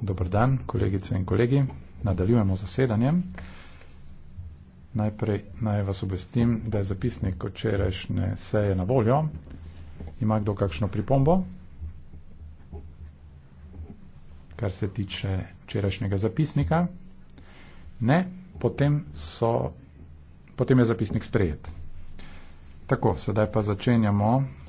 Dobar dan, kolegice in kolegi. Nadaljujemo z zasedanjem. Najprej naj vas obvestim, da je zapisnik včerajšnje seje na voljo. Ima kdo kakšno pripombo, kar se tiče včerajšnjega zapisnika? Ne, potem, so, potem je zapisnik sprejet. Tako, sedaj pa začenjamo